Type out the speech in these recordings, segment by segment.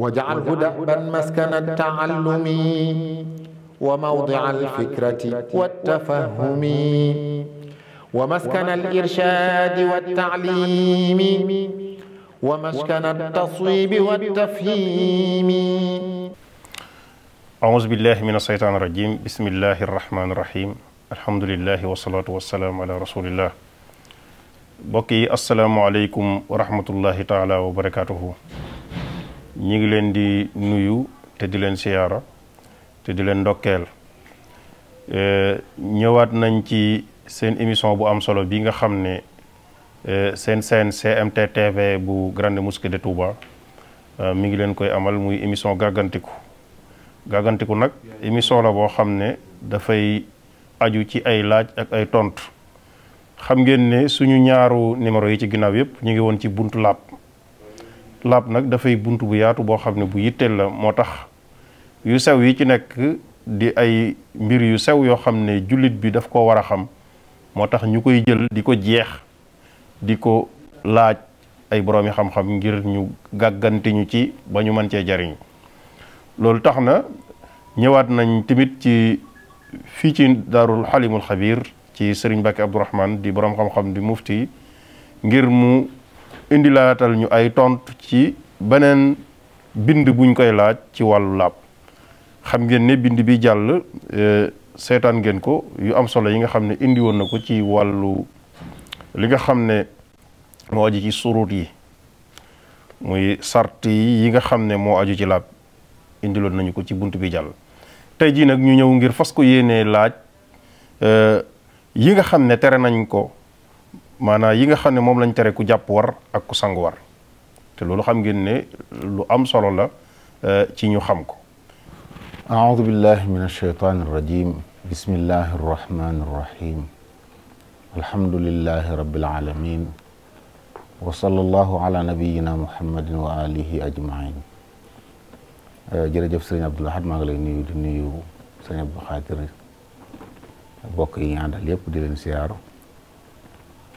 واجعله دأبا مسكن التعلم وموضع الفكرة والتفهم ومسكن الإرشاد والتعليم ومسكن التصويب والتفهيم أعوذ بالله من الشيطان الرجيم بسم الله الرحمن الرحيم الحمد لله والصلاة والسلام على رسول الله بقي السلام عليكم ورحمة الله تعالى وبركاته ñu ngi leen di nuyu te di leen siyaara te di leen ndokkeel eh, ñëwaat nañ ci seen émission bu am solo bi nga xam ne eh, seen seen CMT bu Grande Mosquée de Touba eh, mi ngi leen koy amal muy émission gàggantiku gàggantiku nag émission la boo xam ne dafay aju ci ay laaj ak ay tontu xam ngeen ne suñu ñaaru numéro yi ci ginnaaw yëpp ñu ngi woon ci buntu laab laab nag dafay bunt bu yaatu boo xam ne bu yitteel la moo tax yu sew yi ci nekk di ay mbir yu sew yoo xam ne jullit bi daf ko war a xam moo tax ñu koy jël di ko jeex di ko laaj ay boroomi xam-xam ngir ñu gàggante ñu ci ba ñu mën cee jariñ loolu tax na ñëwaat nañ tamit ci fii ci daarul xalimul xabir ci sëriñ Mbàkke Abdourahman di boroom xam-xam di mufti ngir mu indilaatal ñu ay tontu ci beneen bind buñ koy laaj ci wàllu laab xam ngeen ne bind bi jàll euh, seetaan ngeen ko yu am solo yi nga xam ne indiwoon na ko ci wàllu li nga xam ne moo aju ci surut yi muy sart yi nga xam ne moo aju ci laab indiloon nañu ko ci bunt bi jàll tey jii nag ñu ñëw ngir fas ko yéenee laaj euh, yi nga xam ne tere nañ ko maanaam yi nga xam ne moom lañ tere ku jàpp war ak ku sang war te loolu xam ngeen ne lu am solo la eh, ci ñu xam ko aaudu billahi min alsheytaan arrajim bismillahi arrahmani arrahim alhamdulilahi rabbil alamin wa sallallahu ala nabiyina muhammadin wa alihi ajmain eh, jërëjëf sëriñ Abdul Ahad maa ngi lay nuyu di nuyu sëriñ Abdul Xaadir bokk yi ñu àndal yépp di leen siyaaru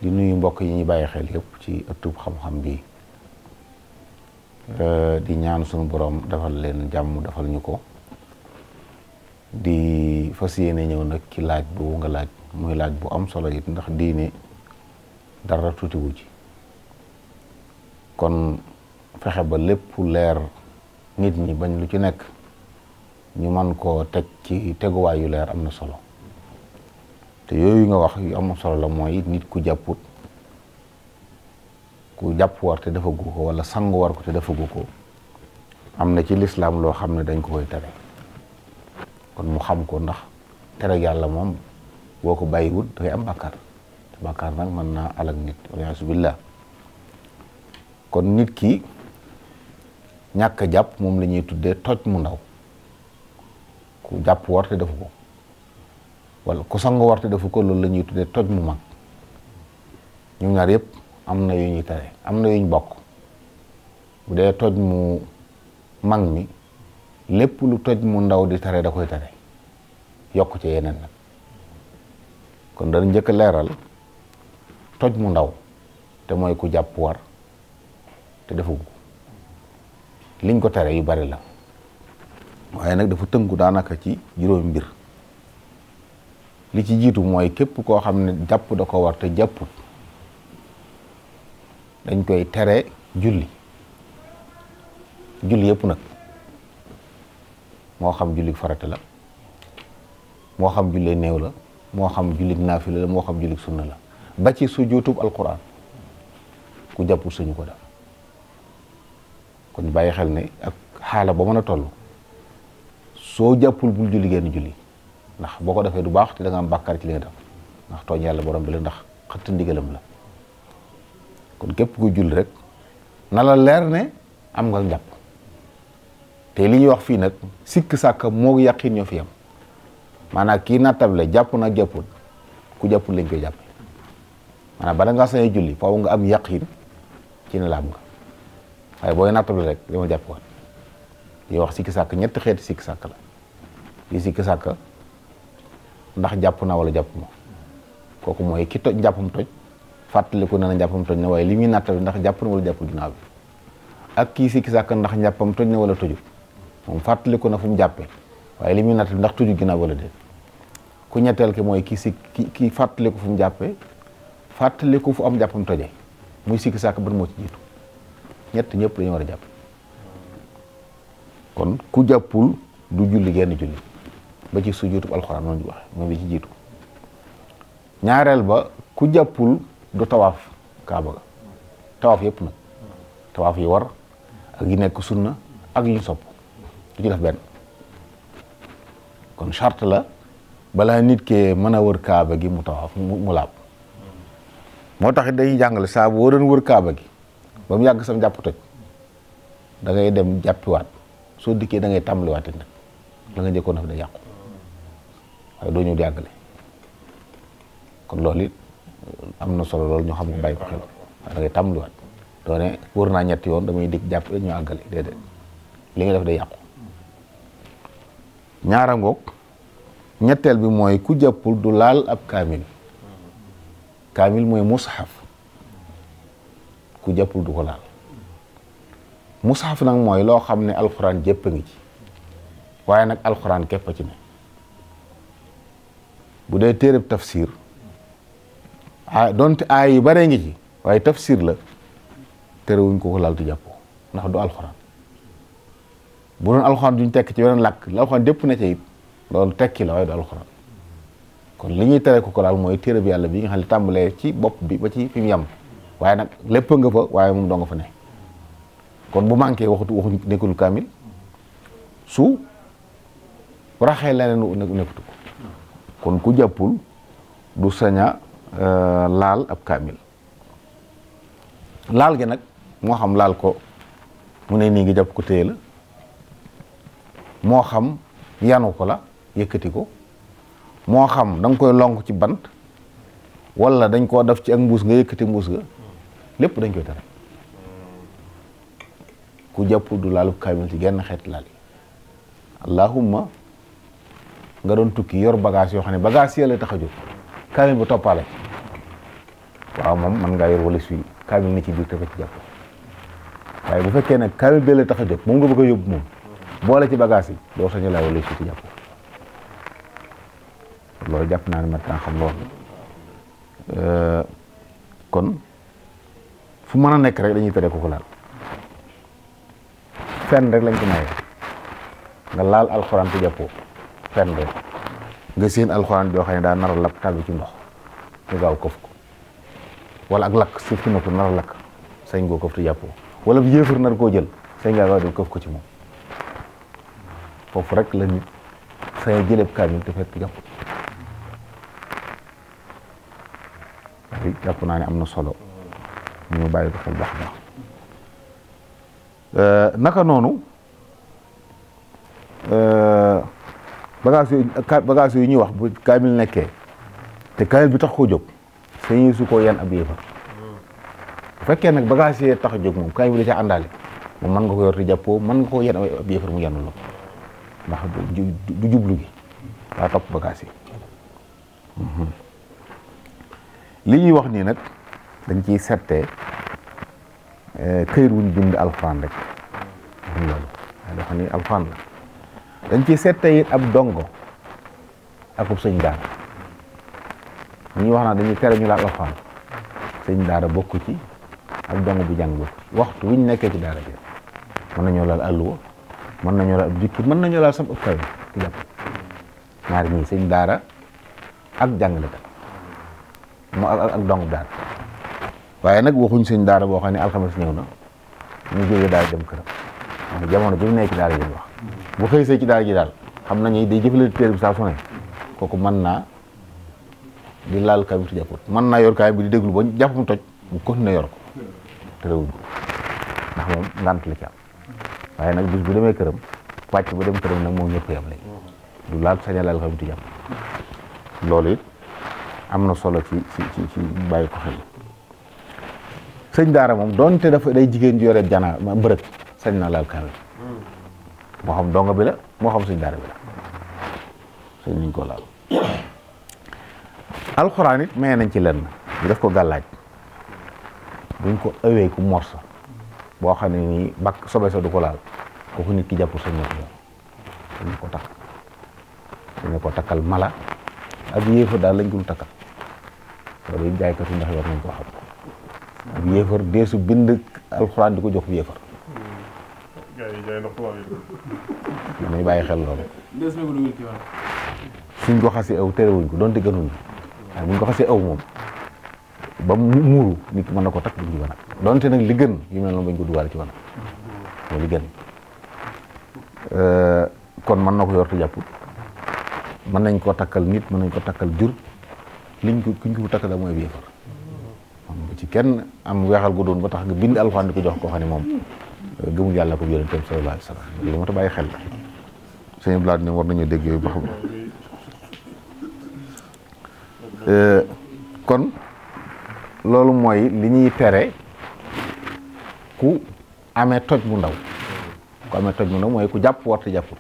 di nuyu mbokk yi ñuy bàyyi xel yëpp ci ëttub xam-xam bi hmm. euh, di ñaan sunu borom defal leen jàmm defal ñu ko di fas yéene ñëw nag ci laaj boobu nga laaj muy laaj bu am solo yit ndax diine dara tuutiwu ci kon fexe ba lépp leer nit ñi bañ lu ci nekk ñu man koo teg ci teguwaayu leer am na solo te yooyu nga wax yu am solo la mooy nit ku jàpput ku jàpp war te defagu ko wala sangu war ko te defagu ko am na ci lislaam loo xam ne dañ ko koy tere kon mu xam ko ndax tere yàlla moom boo ko bàyyiwul dafay am bàkkaar te bàkkaar nag mën naa alak nit waliyaasu billah kon nit ki ñàkk a jàpp moom la ñuy tuddee toj mu ndaw ku jàpp war te defu ko wala ku sangu warte defu ko loolu la ñuy tuddee toj mu mag ñu ñaar yëpp am na yu ñuy tare am na yuñ bokk bu dee toj mu mag mi lépp lu toj mu ndaw di tare da koy tere yokk ci yeneen nag kon dana njëkk leeral toj mu ndaw te mooy ku jàpp war te defu ko liñ ko tere yu bari la waaye nag dafa tënku daanaka ci juróom mbir li ci jiitu mooy képp koo xam ne jàpp da ko war te jàpput dañ koy tere julli julli yépp nag moo xam julli farate la moo xam julli néew la moo xam julli naafila la moo xam julli sunna la ba ci sujuutub alquran ku jàpput suñu ko def kon bàyyi xel ne ak xaala ba mën a toll soo jàppul bul julli génn julli ndax boo ko defee du baax te da am bàkkaar ci li nga ndax tooñ yàlla borom bi la ndax xëtt ndigalam la kon képp ku julli rek na la leer ne am nga njàpp te li ñuy wax fii nag sikk sàkk moo yàqin ñoo fi am maanaam kii nattable jàpp na jàppul ku jàppul lañ koy jàpp maanaam bala nga sañee julli faaw nga am yàqin ci ne am nga waaye booy nattable rek dama jàpp woon li wax sikk sàkk ñetti xeeti sikk sàkk la li sikk sàkk ndax jàpp na wala jàpp ma kooku mooy ki toj njàppam toj fàttaliku na na njàppam toj na waaye li muy nattale ndax jàpp na wala jàppul ginnaaw bi ak kii sikki sàkk ndax njàppam toj na wala tojul moom fàttaliku na fu mu jàppee waaye li muy nattale ndax tojul ginnaaw wala déet ku ñetteel ki mooy ki si ki ki fàttaliku fu mu jàppee fàttaliku fu am jàppam tojee muy sikki sàkk ban moo ci jiitu ñett ñëpp dañu war a jàpp kon ku jàppul du julli genn julli ba ci sujjóotub alxuraan noonu wax moom li ci jiitu ñaareel ba ku jàppul du tawaaf kaaba ga tawaaf yëpp nag tawaaf yi war ak yi nekk sunna ak yi sopp du ci def benn kon charte la balaa nit ke mën a wër kaaba gi mu tawaaf mu laab moo tax dañuy jàngale saa boo doon wër kaaba gi ba mu yàgg sam jàpp toj da dem jàppiwaat soo dikkee da ngay tàmbaliwaat nag a nga njëkkoon day yàqu doo ñu di àggale kon loolu it am na solo loolu ñu xam ko bàyyi ko xel da ngay tàmbaliwaat doo ne wër naa ñetti yoon damay di jàpp ñu àggale déedéet li nga def day yàqu ñaara ngoog ñetteel bi mooy ku jàppul du laal ab kaamil kaamil mooy mushaf ku jàppul du ko laal mushaf nag mooy loo xam ne alxuraan jëpp a ngi ci waaye nag alxuraan képp a ci ne bu dee téereb tafsir a dont aa yu baree ngi ci waaye tafsir la tere wuñ ko laal di jàpp ndax du alxuraan bu doon alxuraan duñ tekk ci weneen làkk la alxuraan dépp na ca it loolu tekki la waaye du alxuraan kon li ñuy tere ko ko laal mooy téereb yàlla bi nga xam ne tàmbalee ci bopp bi ba ci fi mu waaye nag lépp nga fa waaye moom doo fa ne kon bu manqué waxutu waxuñ nekkul kaamil su raxee leneen nekkutu ko kon ku jàppul du sañ a euh, laal ab kaamil laal gi nag moo xam laal ko mu ne nii ngi jàpp ko téye la moo xam yanu ko la yëkkati ko moo xam da koy lonk ci bant wala dañ koo def ci ak mbuus nga yëkkati mbuus nga lépp dañ koy tere ku jàppul du laalub kaamil ci genn xeet laal yi allahumma nga doon tukki yor bagage yoo xam ne bagage yee la tax a jóg kaamil bu toppaale waaw moom mën ngaa yor wala suy kaamil na ci biir te ko ci jàpp waaye bu fekkee nag kaamil bee la tax a jóg moom nga bëgg a yóbbu moom boole ci bagaas yi doo sañu laa wala suy ci jàpp loolu jàpp naa ne maintenant xam loolu euh, kon fu mën a nekk rek dañuy tere ko ko laal fenn rek lañ ko mayee nga laal alxuraan te jàppoo fenn nga seen alxuraan joo xam ne daa nar a lakk ci ndox nga gaaw këf ko ak lakk suuf si na lakk sañ ngoo këf tu jàpp wala bu yéefar nar koo jël sañ ngaa gaaw dem këf ko ci moom rek la nit sañ jëleb kaamil te fekk jàpp jàpp naa ne am na solo ñu bàyyi ko xel baax baax euh, naka noonu euh, bagages yu bagages yu ñuy wax bu kaamil nekkee te kaamil bi tax koo jóg sañuy su koo yan ab yéefar bu fekkee nag bagaas yee tax jóg moom kaamil bi da ca àndaale moom mën nga ko yor te jàppoo mën nga ko yan ab yéefar mu yanul la du jublu gi daa topp bagages yi mhm. li ñuy wax nii nag dañ ciy settee eh, këyit wuñ bind alfaan rek doo xam ni alfaan la dañ ci seet tey ab dongo akub sëñ daara ñu wax naa dañuy tere ñu sëñ daara bokku ci ak dongo bu jàng bokku ci waxtu wi ñu nekkee ci daara bi mën nañoo laal alluwa mën nañoo laal ab jukki mën nañoo laal sam ëpp kawe ci jàpp sëñ daara ak jàngalekat mu ak ak dongo daara waaye nag waxuñ sëñ daara boo xam ne alxames ñëw na mu jógee daara dem këram jamono bi mu nekk ci daara jëm wax bu xëy see ci daal ji daal xam nañu day jëfandikoo téere bi saa su ne kooku mën naa di laal kaamil te jàpput mën naa yor kaamil bi di déglu ba jàpp toj mu continuer yor ko terewul ndax moom nag bis bu demee këram wàcc bu dem këram nag moom ñëpp yam lañ du laal sañ a laal kaamil te jàpp loolu it am na solo ci ci ci bàyyi ko xel sëñ daara moom doonte dafa day jigéen ji yore janaa bërëg sañ na laal kaamil moo xam donga bi la moo xam suñ daara bi la suñ ñu ko laal alxuraan it may nañ ci lenn ñu def ko gàllaaj buñ ko ëwee ku morsa boo xam ne nii bakk sobe sa du ko laal kooku nit ki jàpp sañ na ko sañ na ko takkal mala ak yéefar daal lañ ko lu takkal loolu it jaaykatu ndax war nañ koo xam ak yéefar deesu bind alxuraan di ko jox yéefar gars yi jaay bàyyi xel loolu. suñ ko xasee aw terewuñ ko donte gënuñ ko waaye buñ ko xasee aw moom ba mu muuru nit mën na ko takk buñ ci wanag donte nag li gën yu mel noonu bañ ko ci wanag loolu euh, kon mën na ko yortu jàpp mën nañ koo takkal nit mën nañ ko takkal jur liñ ko ku ko takkal da mooy bi yëfar ci kenn am weexal gu doon ba tax nga bind alxuraan di ko jox ko xam ne moom gëmul yàlla ko yonentam sallallahu alayhi wa sallam loolu moo tax bàyyi xel sëñ blaat ne war nañu dégg yooyu ba xam euh, kon loolu mooy li ñuy tere ku amee toj bu ndaw ku amee toj bu ndaw mooy ku jàpp war jàpp jàppul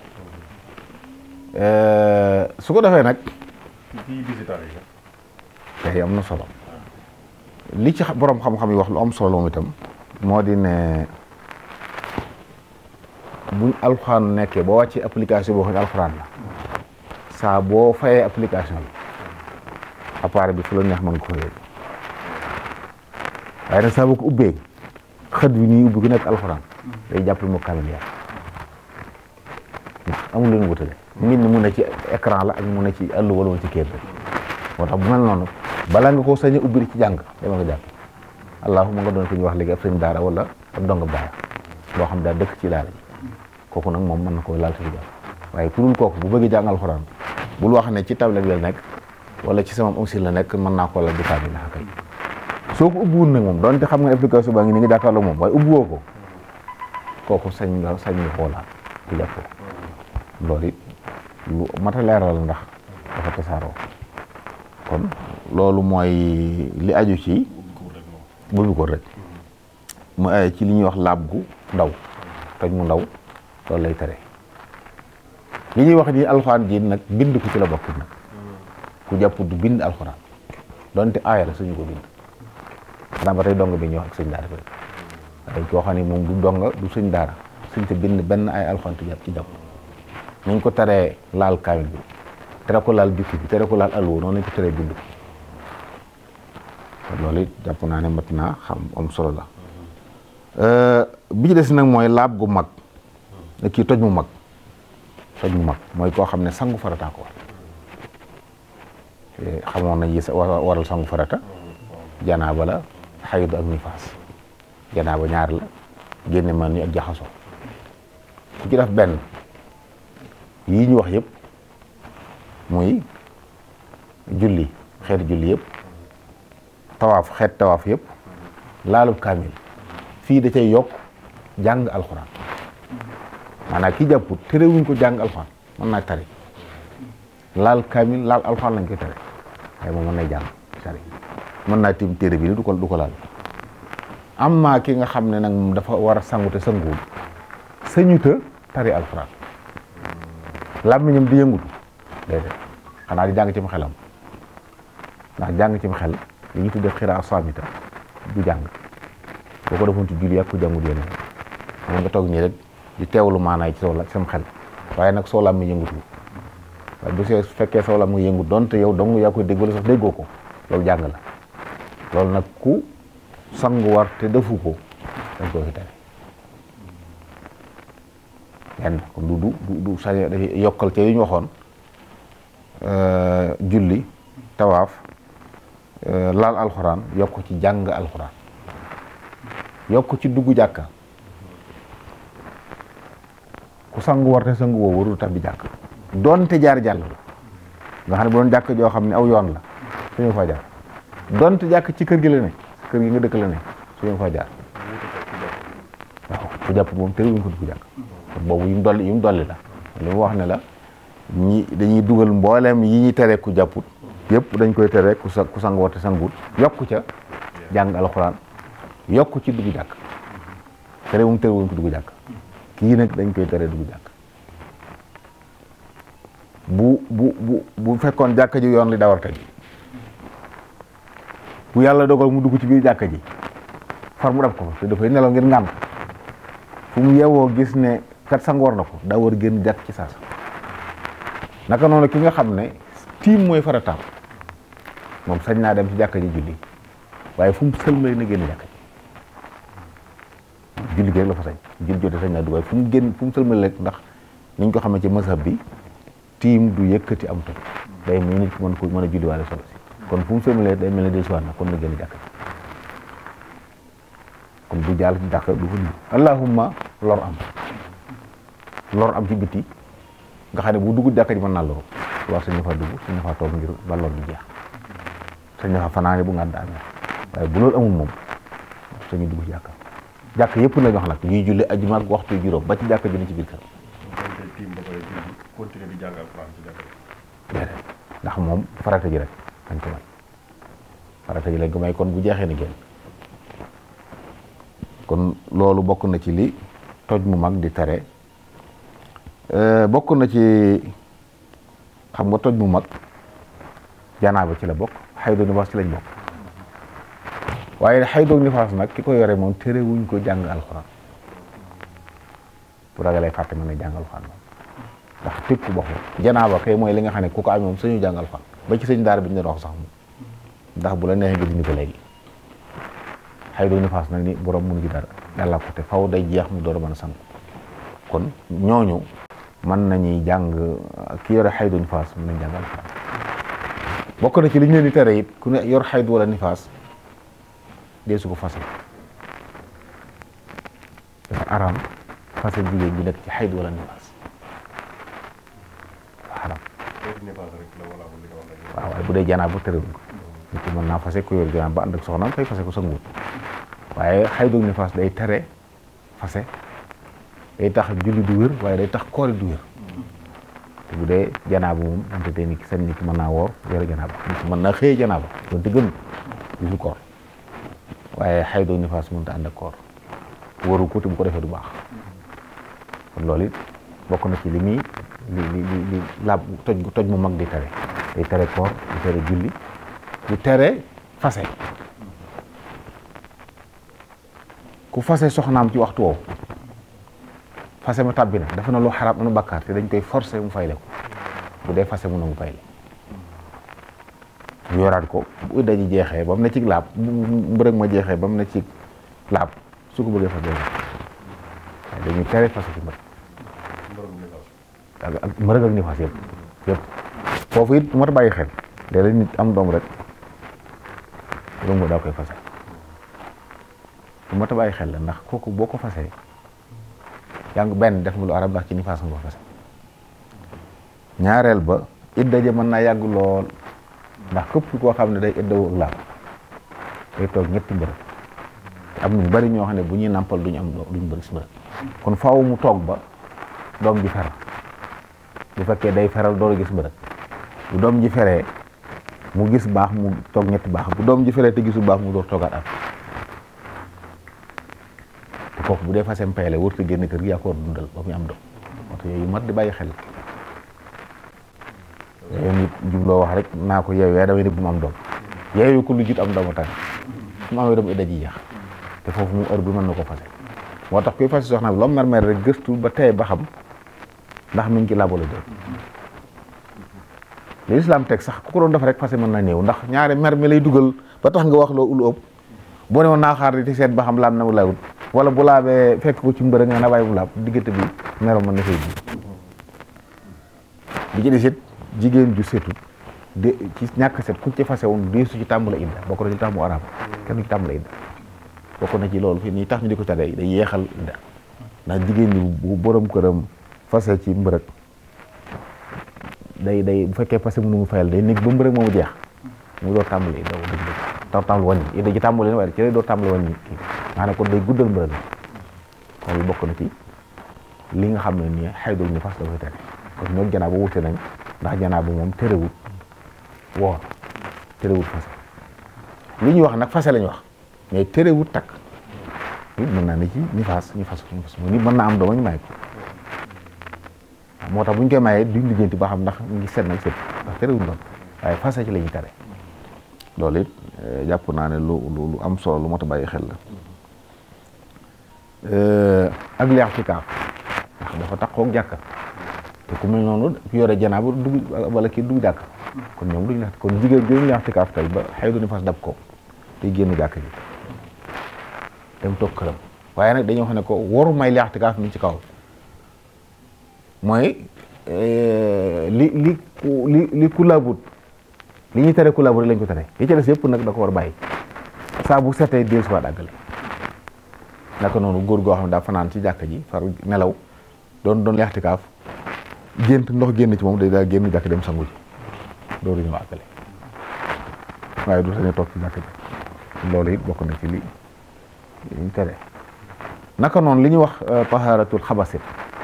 euh, su ko defee nag tey am na solo li ci borom xam-xam yi wax lu am solo itam moo di ne buñ alxuraan nekkee boo wàccee application boo xam alxuraan la saa boo fayee application bi appareil bi fu la neex mën nga ko fayee waaye nag saa boo ko ubbee xët bi ñuy ubbi ku nekk alxuraan day jàppale moo kaamil yàlla ndax lu ñu wutale nit ñi mun na ci écran la ak mun na ci àll wala mun ci kër moo tax bu mel balaa nga koo sañ a ubbi ci jàng dama nga jàpp allahuma nga doon ko ñu wax léegi ab sëñ daara wala ab dongab daara boo xam daa dëkk ci daara ji kooku nag moom mën na koo laal suñu waaye ku dul kooku bu bëgg jàng alxuraan bul wax ne ci tablette la nekk wala ci sama omsil la nekk mën naa koo laal bi taabi ndax kay soo ko ubbiwul nag moom donte xam nga application baa ngi ni ngi jàkkaarloo moom waaye ubbiwoo ko kooku sañ nga sañ nga xoolaat ku jàpp ko loolu a leeral ndax dafa tasaaroo mooy li aju ci bu ko rek mu ay eh, ci li ñuy wax laab gu ndaw toj mu ndaw loolu lay tere li ñuy wax ni alxuraan ji nag bind ku ci la bokk nag ku jàpp du bind alxuraan doonte aaya la suñu ko bind xanaa ba tey dong bi ñuy wax ak sëñ daara bi dong du sëñ daara suñ bind benn ay alxuraan tu jàpp ci jàpp nañ ko teree laal kaamil bi tere ko laal bikki bi tere ko laal alwo noonu nañ ko teree bind ko loolu jàpp naa ne mat naa xam am solo la bi ci des nag mooy laab gu mag ne toj mu mag toj mu mag mooy koo xam ne sangu farataa ko war eh, xamoon nañ yi waral sangu farata janaaba la xayd ak nifaas janaaba ñaar la génne man ni ak jaxaso ku ci def benn yii ñu wax yépp muy julli xeeti julli yépp tawaaf xeet tawaaf yëpp laalub kaamil fii da cay yokk jàng alxuraan maanaam ki jàpput terewuñ ko jàng alxuraan mën naa tari laal kaamil laal alxuraan lañ koy tari waaye moom mën nay jàng mën naa tim téere bi ni du ko du ko laal am maa ki nga xam ne nag moom dafa war a sangu te sanguwul sañuta tari alxuraan làmmiñam di yëngutu déedéet xanaa di jàng ci mu xelam ndax jàng ci mu xel li ñu tuddee xiraa saamita du jàng boo ko defoon ci julli ak ku jàngul yéen nga toog nii rek di teewlu maanaay ci soo la sam xel waaye nag soo làmmiñ yëngutul waaye bu see fekkee soo làmmiñ yëngut donte yow dong yaa koy déglu sax déggoo ko loolu jàng la loolu nag ku sangu war te defu ko dañ koy xital benn yokkal ca yu ñu waxoon euh, julli tawaaf euh, laal alxuraan yokk ci jàng alxuraan yokk ci dugg jàkka sangu warte sangu woo warul tabbi jàkk donte jaar jàll la nga xam ne bu jàkk joo xam ne aw yoon la suñu fa jaar donte jàkk ci kër gi la ne kër gi nga dëkk la su suñu fa jaar ku jàpp moom te tëriwuñ ko dugg jàkk boobu yu mu dolli yu mu la wax ne la ñi dañuy dugal mbooleem yi ñuy tere ku jàpput yëpp dañ koy tere ku sa ku sang warte sangut yokku ca jàng alxuraan ci dugg jàkk tëriwuñ tëriwuñ ko dugg jàkk kii nag dañ koy tere dugg jàkk bu bu bu bu fekkoon jàkka ji yoon li dawar tey bu yàlla dogal mu dugg ci biir jàkka ji far mu def ko te dafay nelaw ngir ngànt fu mu yewoo gis ne kat sang war na ko daa war génn jàkk ci saasa naka noonu ki nga xam ne tiim mooy farataam moom sañ naa dem ci jàkka ji julli waaye fu mu sëlmay na génn jàkka ji liggéey la fa sañ julli jotee sañ naa dugg waaye fu mu génn fu mu sëlmal lekk ndax niñ ko xamee ci mazhab bi tiim du yëkkati am toj day muy nit mën ko mën a julliwaale solo si kon fu mu sëlmalee day mel ne del siwaat na kon na génn jàkk kon du jàll ci jàkk du ko julli allahumma lor am lor ne bu dugg jàkk ji sañ na faa dugg sañ na faa toog ngir ba lor di jeex sañ na faa fanaane bu ngàdd amee waaye bu loolu amul moom sañu dugg jàkk jàkk yëpp lañ wax nag ñuy julli ajuma ak waxtu juróom ba ci jàkk ji ne ci biir kër ndax moom farata ji rek lañ ko may farata ji lañ ko may kon bu jeexee ni génn kon loolu bokk na ci li toj mu mag di tere euh, bokk na ci xam nga toj mu mag janaaba ci la bokk xaydu ni wax ci lañ bokk waaye xaydoog nifaas nag ki ko yore moom tere wuñ ko jàng alxuraan bu ragalee fàtte mën a jàng alxuraan moom ndax tépp boxu janaaba kay mooy li nga xam ne ku ko amee moom suñu jàng alxuraan ba ci sëñ daara bi ñu doon sax moom ndax bu la neexee nga ko léegi xaydoog nifaas nag ni borom mënu ci dara yàlla te faw day jeex mu door a mën kon ñooñu mën nañuy jàng ki yore xaydu nifaas mën nañ jàng na ci li ñu leen di tere it ku ne yor xayd wala nifaas deesu ko fase dafa araam fase jigéen ji nekk ci xayd wala nifaas araam waaw bu dee janaaba tërëwuñ ko nit ki mën naa fase ku yor janaaba ba ànd ak soxnaam fay fase ko sanguwut waaye xaydu nifaas day tere fase day tax julli du waaye day tax koori du te bu dee janaaba moom ante tey nit ki sañ nit ki mën naa woor yore janaaba nit naa xëye janaaba doon gën gisul ko waaye xaydoo nifaas mënut a ànd ak koor waru ko te bu ko defee du baax kon loolu it bokk na ci li muy li li li laab toj mu mag di tere day tere koor du tere julli du tere fase ku fase soxnaam ci waxtu woowu fase ma tàbbi na dafa na lu xaraam anu bàkkaar te dañ koy forcé mu fayle ko bu dee fase mu nangu fayle yoraat ko bu daji jeexee ba mu ne ci laab bu rek ma jeexee ba mu ne ci laab su ko bëggee fas yéene waaye dañuy tere fas ci mbër ak ak ak ni fas yëpp yëpp foofu it mat bàyyi xel am doom rek rumb daa koy fase bàyyi xel la ndax kooku boo ko fasee yaa ngi benn def nga lu arab ndax ci ni fas nga fase ñaareel ba it daje mën naa yàgg lool ndax këpp koo xam ne day ëddawoo ak laab day toog ñetti bërëb te am ñu bari ñoo xam ne bu ñuy nàmpal duñu am duñu bëri si bërëb mu toog ba doom ji feral bu day feral door gis bërëb bu doom ji feree mu gis baax mu toog ñetti baax bu doom ji feree te gisu baax mu door toogaat ak te kooku bu dee fasem payle wërta génn kër gi yaa ko war dundal ba am doom moo yooyu mat di bàyyi xel yow nit jubloo wax rek naa ko yeewee damay def bu mu am doom yeewee ko lu jut am doomu tànk su mu amee doom idda ji yéex te foofu mu heure bi mën na ko fase moo tax kuy fase soxna bi loom mer mer rek gëstu ba tey ba ndax mi ngi ci labolo jël li islam teg sax ku ko doon def rek fase mën na néew ndax ñaari mer mi lay dugal ba tax nga wax loo ulu ëpp boo ne woon naa xaar di seet ba xam laab na mu laabut wala bu laabee fekk ko ci mbërë nga na bàyyi mu laab diggante bi mero mën na fay bi ci des it jigéen ju setu de ci ñàkk set ku ci fase woon deesu ci tàmbala idda bokk na ci tax mu araam kenn du ci na ci loolu fi nii tax ñu di ko tere day yeexal idda ndax jigéen ñi bu borom këram fase ci mbërëg day day bu fekkee fase mënu mu fayal day néeg ba mbërëg moomu jeex mu door tàmbali idda dëgg dëgg taw tàmbali wàññi idda ji tàmbali na waaye ci lay door tàmbali wàññi kii maanaam kon day guddal mbërëg kon bokk na ci li nga xam ne nii xaydul ni fas la koy tere kon ñoom janaa nañ ndax janaaba moom terewul woor terewul fase li ñuy wax nag fase lañu wax mais terewul takk nit mën naa ne ci ñu fas ñu fas ñu fas nit mën naa am doom ñu moo tax bu ñu koy mayee duñ lijjanti ba xam ndax mu ngi set nag set ndax terewul doon waaye fase ci la ñuy tere loolu it eh, jàpp naa ne lu lu am solo lu mot a bàyyi xel la eh, ak li i'tikaaf ndax dafa taxoo ak jàkka te ku noonu yore janaaba dugg wala kii dugg jàkk kon ñoom duñu naxti kon jigéen jigéen ñu i'tikaaf tey ba fas dab ko tey génn jàkk ji dem toog këram waaye nag dañoo xam ne ko waru may li i'tikaaf mi ci kaw mooy li eh, li li li ku laabut li ñuy tere ku laabut lañ ko tere yi ci des yëpp nag da ko war bàyyi saa bu setee dee suwaat àggale naka noonu góor goo xam ne daa fanaan ci jàkk ji far nelaw doon doon li gént ndox génn ci moom day daal génn jàkk dem sangu ji dooru ñëw àggale du sañ a toog ci jàkk ji loolu it li naka noonu li ñuy wax euh, tahaaratul xabasit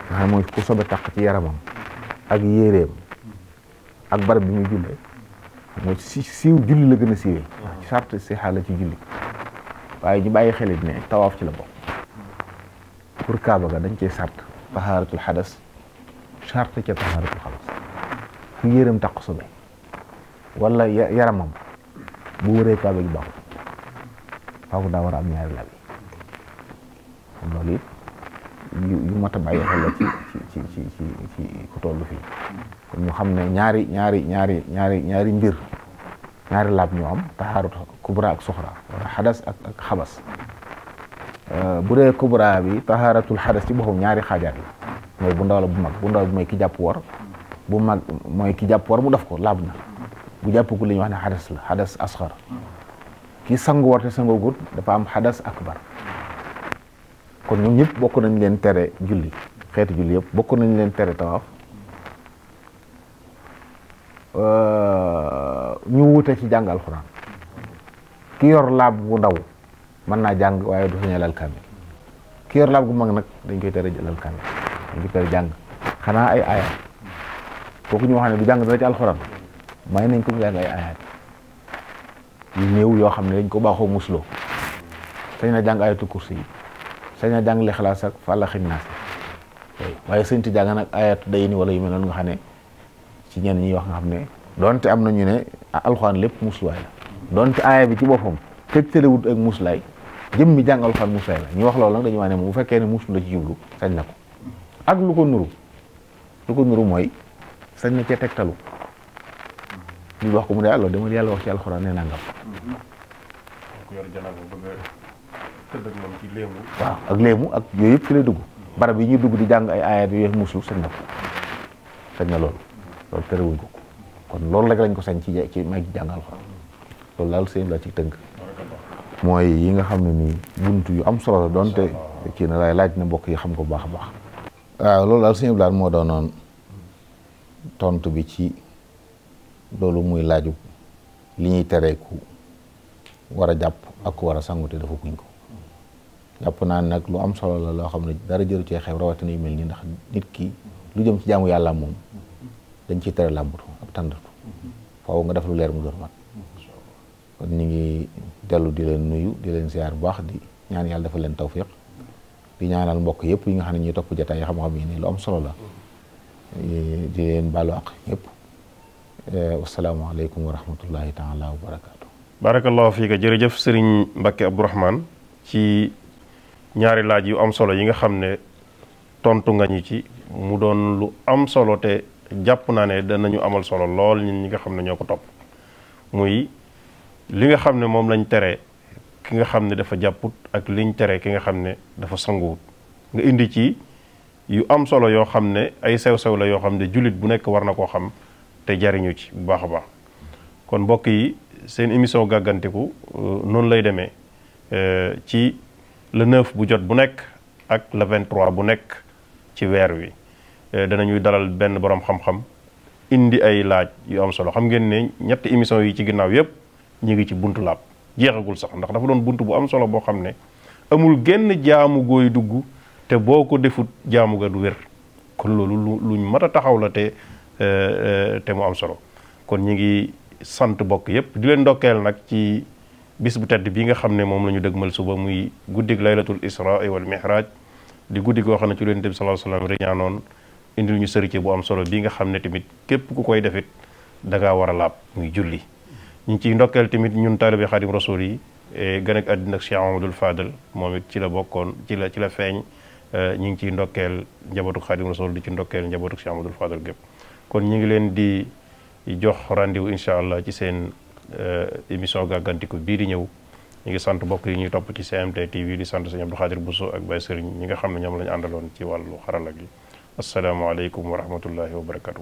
nga xam mooy ku sobe taq ci yaramam ak yéreem ak barab bi muy jullee mooy si siiw julli la gën a siiwee ci sart si xaala ci julli waaye ñu bàyyi xelit ne tawaaf ci la bokk pour kaaba ga dañ cee sart tahaaratul xadas charte ca taxaaratul xalas ku yéram taq sobe wala yaramam bu wëree kaaba gi baaxul faaw daa war a am ñaari laab yi loolu it yu mat a bàyyi xel la ci ci ci ci toll ñu xam ne ñaari ñaari ñaari ñaari ñaari mbir ñaari laab ñu am taxaarut kubra ak suxra wala xadas ak xabas bu dee kubra bi taxaaratul xadas ci boppam ñaari xaajaat la mooy bu ndaw la bu mag bu ndaw bi mooy ki jàpp war bu mag mooy ki jàpp war mu def ko laab na bu jàpp ko wax ne xadas la xadas asxar ki sangu war te sangoogul dafa am xadas akbar kon ñoom ñëpp bokk nañ leen tere julli xeetu julli yëpp bokk nañ leen tere tawaaf ñu wute ci jàng alxuraan ki yor laab bu ndaw mën naa jàng waaye du sañ a mag nag dañ koy tere lal kaamil jëkkër jàng xanaa ay ayat kooku ñu wax ne du jàng dara ci alxuraan may nañ ko mu jàng ay ayat yu néew yoo xam ne dañ ko baaxoo musloo sañ na jàng ayatul kursi yi sañ na jàng li xalaas ak fàlla xin naas waaye sëñ ti jàng nag ayatu day ni wala yu mel noonu nga xam ne ci ñenn wax nga xam ne donte am na ñu ne alxuraan lépp musluwaay la donte aaya bi ci boppam tegtalewut ak muslaay jëm mi jàng alxuraan muslaay la ñu wax loolu nag dañu wax ne bu fekkee ne muslu la ci sañ na ko ak lu ko nuru lu ko nuru mooy sañ na cee tegtalu ñu wax ko mu ne àllo demal yàlla wax ci alxuraan ne nangam waaw ak léemu ak yooyu yëpp ci la dugg barab yi ñuy dugg di jàng ay aayat yooyu muslu sañ na ko sañ na loolu loolu terewuñ ko kon loolu rek lañ ko sañ ci ci may jàng alxuraan loolu daal seen la ci tënk mooy yi nga xam ne nii bunt yu am solo la doonte kii na laaj na mbokk yi xam ko bu baax a baax waaw loolu daal suñu blaat moo doonoon tontu bi ci loolu muy laaju li ñuy teree ku war a jàpp ak ku war a sangu te dafa kuñ ko jàpp naa nag lu am solo la loo xam ne dara jëru cee xew rawatina yu mel nii ndax nit ki lu jëm ci jaamu yàlla moom dañ ci tere làmbatu ak tàndatu faaw nga def lu leer mu door mat kon ñu ngi dellu di leen nuyu di leen ziar bu baax di ñaan yàlla dafa leen tawfiq di ñaanal mbokk yëpp yi nga xam ne ñuy topp jotaay xam-xam yi nii lu am solo la di leen baalu ak ñëpp eh, wasalaamaaleykum wa rahmatullahi taala wa barakaatu. barakallahu fiika jërëjëf Serigne Mbacke Abdourahmane ci ñaari laaj yu am solo yi nga xam ne tontu nga ñu ci mu doon lu am solo te jàpp naa ne danañu amal solo lool ñu ñi nga xam ne ñoo ko topp muy li nga xam ne moom lañ tere. ki nga xam ne dafa jàpput ak liñ tere ki nga xam ne dafa sanguwut nga indi ci yu am solo yoo xam ne ay sew-sew la yoo xam ne jullit bu nekk war na koo xam te jariñu ci bu baax a baax kon mbokk yi seen émission gàggantiku euh, noonu lay demee euh, ci le 9 bu jot bu nekk ak le 23 bu nekk ci weer wi euh, danañuy dalal benn borom xam-xam indi ay laaj yu am solo xam ngeen ne ñetti émission yi ci ginnaaw yépp ñu ngi ci buntu làpp jeexagul sax ndax dafa doon bunt bu am solo boo xam ne amul genn jaamu gooy dugg te boo ko defut jaamu ga du wér kon loolu lu luñ mat a taxaw la te euh, euh, te mu am solo kon ñi ngi sant bokk yépp di leen ndokkeel nag ci bis bu tedd bi nga xam ne moom la ñu mël suba muy guddig laylatul isra wal mihraj di guddi goo xam ne ci leen dem sallallahu alayhi wasallam riñaanoon indil ñu sërice bu am solo bi nga xam ne tamit képp ku koy defit da war a laab muy julli ñu ciy ndokkeel tamit ñun taalibe xaadim rasul yi e, gën ak àddina ak Cheikh Amadou Fadal moom it ci la bokkoon ci la ci la feeñ e, ñu ngi ciy ndokkeel njabootu xaadim rasul di ci ndokkeel njabootu Cheikh Amadou Fadal gépp kon ñu ngi leen di jox rendez-vous incha allah ci seen e, émission gàggantiku bii di ñëw ñu ngi sant mbokk yi ñuy topp ci GMT TV di sant sëñ Abdou Khadir Bousso ak Baye Serigne ñi nga xam ne ñoom lañu àndaloon ci wàllu xarala gi asalaamaaleykum wa rahmatullahi wa barakatuh